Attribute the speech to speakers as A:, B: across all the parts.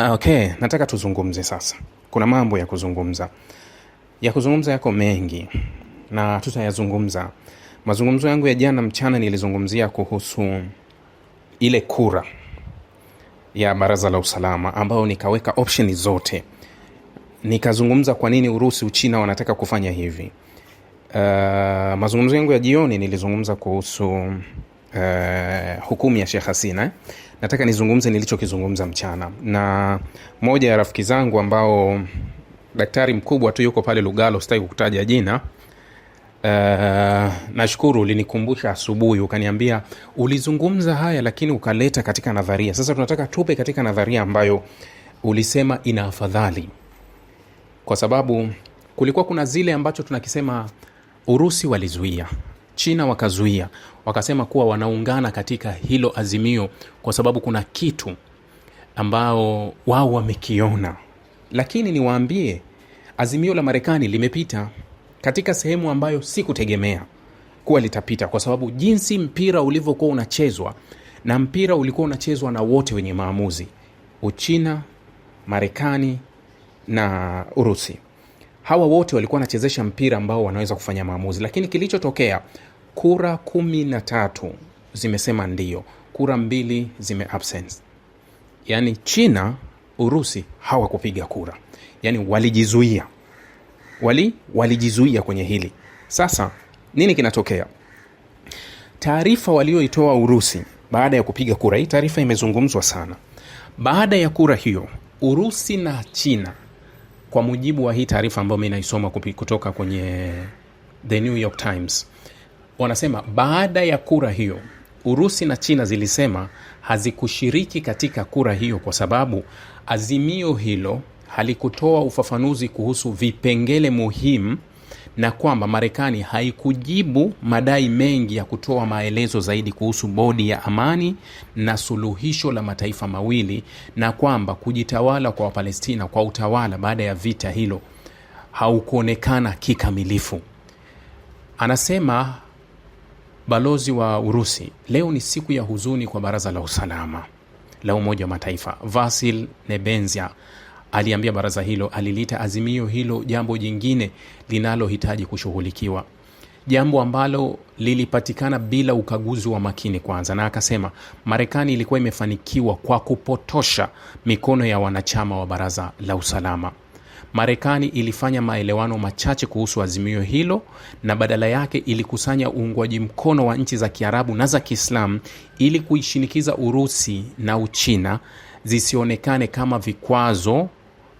A: Ah, okay, nataka tuzungumze sasa. Kuna mambo ya kuzungumza, ya kuzungumza yako mengi na tutayazungumza. Mazungumzo yangu ya jana mchana nilizungumzia kuhusu ile kura ya Baraza la Usalama ambayo nikaweka option zote, nikazungumza kwa nini Urusi, Uchina wanataka kufanya hivi. Uh, mazungumzo yangu ya jioni nilizungumza kuhusu uh, hukumu ya Sheikh Hasina nataka nizungumze nilichokizungumza mchana na moja ya rafiki zangu ambao daktari mkubwa tu yuko pale lugalo sitaki kukutaja jina Uh, nashukuru ulinikumbusha asubuhi ukaniambia ulizungumza haya lakini ukaleta katika nadharia sasa tunataka tupe katika nadharia ambayo ulisema ina afadhali kwa sababu kulikuwa kuna zile ambacho tunakisema urusi walizuia China wakazuia, wakasema kuwa wanaungana katika hilo azimio kwa sababu kuna kitu ambao wao wamekiona. Lakini niwaambie, azimio la Marekani limepita katika sehemu ambayo sikutegemea kuwa litapita, kwa sababu jinsi mpira ulivyokuwa unachezwa, na mpira ulikuwa unachezwa na wote wenye maamuzi, Uchina, Marekani na Urusi. Hawa wote walikuwa wanachezesha mpira ambao wanaweza kufanya maamuzi, lakini kilichotokea kura kumi na tatu zimesema ndio kura mbili zime absence. yani china urusi hawakupiga kura yani walijizuia wali walijizuia kwenye hili sasa nini kinatokea taarifa walioitoa urusi baada ya kupiga kura hii taarifa imezungumzwa sana baada ya kura hiyo urusi na china kwa mujibu wa hii taarifa ambayo mi naisoma kutoka kwenye the new york times wanasema baada ya kura hiyo Urusi na China zilisema hazikushiriki katika kura hiyo kwa sababu azimio hilo halikutoa ufafanuzi kuhusu vipengele muhimu na kwamba Marekani haikujibu madai mengi ya kutoa maelezo zaidi kuhusu bodi ya amani na suluhisho la mataifa mawili na kwamba kujitawala kwa Wapalestina kwa utawala baada ya vita hilo haukuonekana kikamilifu. Anasema Balozi wa Urusi, leo ni siku ya huzuni kwa Baraza la Usalama la Umoja wa Mataifa. Vasil Nebenzia aliambia baraza hilo, aliliita azimio hilo jambo jingine linalohitaji kushughulikiwa, jambo ambalo lilipatikana bila ukaguzi wa makini kwanza, na akasema Marekani ilikuwa imefanikiwa kwa kupotosha mikono ya wanachama wa Baraza la Usalama. Marekani ilifanya maelewano machache kuhusu azimio hilo na badala yake ilikusanya uungwaji mkono wa nchi za Kiarabu na za Kiislamu ili kuishinikiza Urusi na Uchina zisionekane kama vikwazo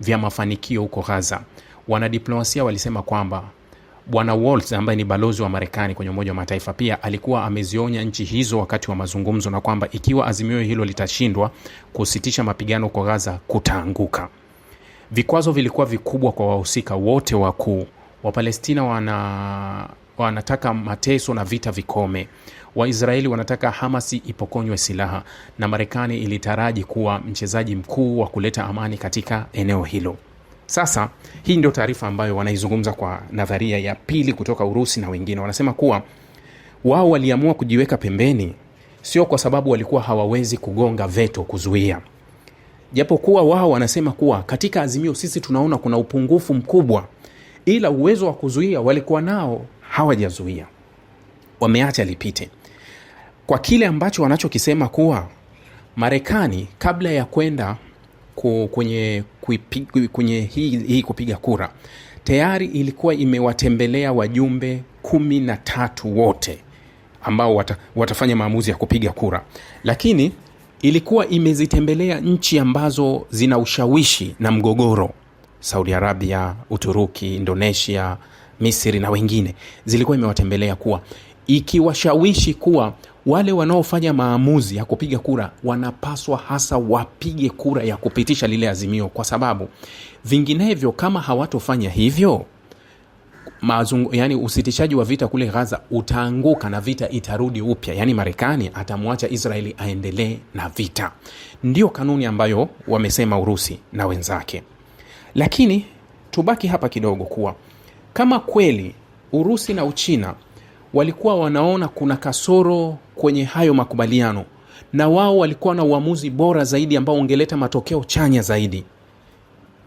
A: vya mafanikio huko Gaza. Wanadiplomasia walisema kwamba Bwana Waltz ambaye ni balozi wa Marekani kwenye Umoja wa Mataifa pia alikuwa amezionya nchi hizo wakati wa mazungumzo, na kwamba ikiwa azimio hilo litashindwa, kusitisha mapigano kwa Gaza kutaanguka. Vikwazo vilikuwa vikubwa kwa wahusika wote wakuu. Wapalestina wana wanataka mateso na vita vikome. Waisraeli wanataka Hamasi ipokonywe silaha, na Marekani ilitaraji kuwa mchezaji mkuu wa kuleta amani katika eneo hilo. Sasa hii ndio taarifa ambayo wanaizungumza kwa nadharia ya pili kutoka Urusi na wengine wanasema kuwa wao waliamua kujiweka pembeni, sio kwa sababu walikuwa hawawezi kugonga veto kuzuia japokuwa wao wanasema kuwa katika Azimio sisi tunaona kuna upungufu mkubwa, ila uwezo wa kuzuia walikuwa nao hawajazuia, wameacha lipite kwa kile ambacho wanachokisema kuwa Marekani kabla ya kwenda kwenye, kwenye hii, hii kupiga kura tayari ilikuwa imewatembelea wajumbe kumi na tatu wote ambao wata, watafanya maamuzi ya kupiga kura, lakini ilikuwa imezitembelea nchi ambazo zina ushawishi na mgogoro: Saudi Arabia, Uturuki, Indonesia, Misri na wengine. Zilikuwa imewatembelea kuwa ikiwashawishi kuwa wale wanaofanya maamuzi ya kupiga kura wanapaswa hasa wapige kura ya kupitisha lile azimio, kwa sababu vinginevyo, kama hawatofanya hivyo mazungu, yani usitishaji wa vita kule Gaza utaanguka na vita itarudi upya, yani Marekani atamwacha Israeli aendelee na vita. Ndiyo kanuni ambayo wamesema Urusi na wenzake, lakini tubaki hapa kidogo kuwa kama kweli Urusi na Uchina walikuwa wanaona kuna kasoro kwenye hayo makubaliano na wao walikuwa na uamuzi bora zaidi ambao ungeleta matokeo chanya zaidi,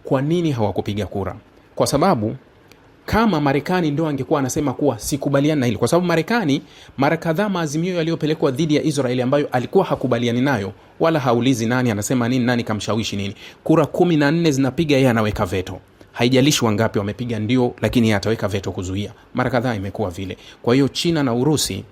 A: kwa nini hawakupiga kura? Kwa sababu kama Marekani ndo angekuwa anasema kuwa sikubaliani na hili, kwa sababu Marekani mara kadhaa maazimio yaliyopelekwa dhidi ya Israeli ambayo alikuwa hakubaliani nayo, wala haulizi nani anasema nini, nani kamshawishi nini, kura kumi na nne zinapiga, yeye anaweka veto. Haijalishi wangapi wamepiga ndio, lakini ye ataweka veto kuzuia. Mara kadhaa imekuwa vile. Kwa hiyo China na Urusi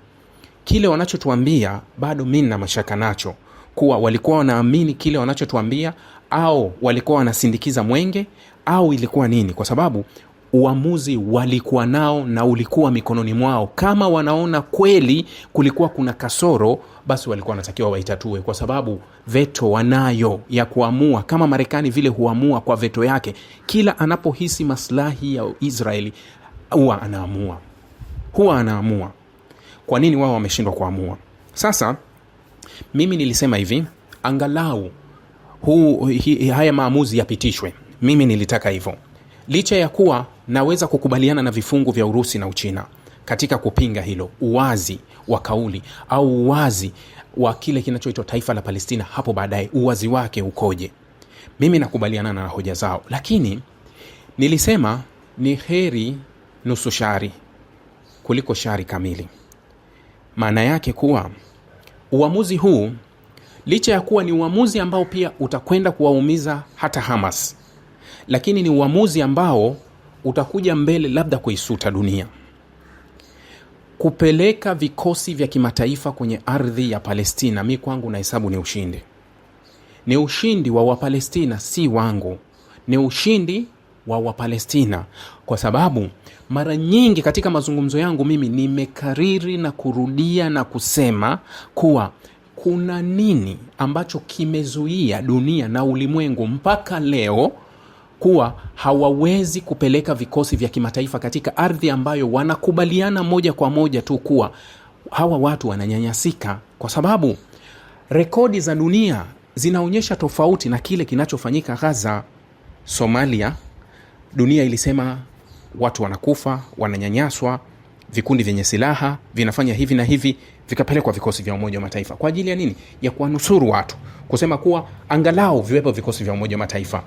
A: kile wanachotuambia bado mi na mashaka nacho, kuwa walikuwa wanaamini kile wanachotuambia au walikuwa wanasindikiza mwenge au ilikuwa nini, kwa sababu uamuzi walikuwa nao na ulikuwa mikononi mwao. Kama wanaona kweli kulikuwa kuna kasoro, basi walikuwa wanatakiwa waitatue, kwa sababu veto wanayo ya kuamua, kama Marekani vile huamua kwa veto yake kila anapohisi maslahi ya Israeli huwa anaamua, huwa anaamua. Kwa nini wao wameshindwa kuamua? Sasa mimi nilisema hivi, angalau hu, hi, haya maamuzi yapitishwe. Mimi nilitaka hivyo licha ya kuwa naweza kukubaliana na vifungu vya Urusi na Uchina katika kupinga hilo, uwazi wa kauli au uwazi wa kile kinachoitwa taifa la Palestina hapo baadaye, uwazi wake ukoje? Mimi nakubaliana na hoja zao, lakini nilisema ni heri nusu shari kuliko shari kamili. Maana yake kuwa uamuzi huu licha ya kuwa ni uamuzi ambao pia utakwenda kuwaumiza hata Hamas, lakini ni uamuzi ambao utakuja mbele labda kuisuta dunia kupeleka vikosi vya kimataifa kwenye ardhi ya palestina mi kwangu nahesabu ni ushindi ni ushindi wa wapalestina si wangu ni ushindi wa wapalestina kwa sababu mara nyingi katika mazungumzo yangu mimi nimekariri na kurudia na kusema kuwa kuna nini ambacho kimezuia dunia na ulimwengu mpaka leo kuwa hawawezi kupeleka vikosi vya kimataifa katika ardhi ambayo wanakubaliana moja kwa moja tu kuwa hawa watu wananyanyasika, kwa sababu rekodi za dunia zinaonyesha tofauti na kile kinachofanyika Gaza. Somalia, dunia ilisema watu wanakufa, wananyanyaswa, vikundi vyenye silaha vinafanya hivi na hivi, vikapelekwa vikosi vya Umoja wa Mataifa kwa ajili ya nini? Ya kuwanusuru watu, kusema kuwa angalau viwepo vikosi vya Umoja wa Mataifa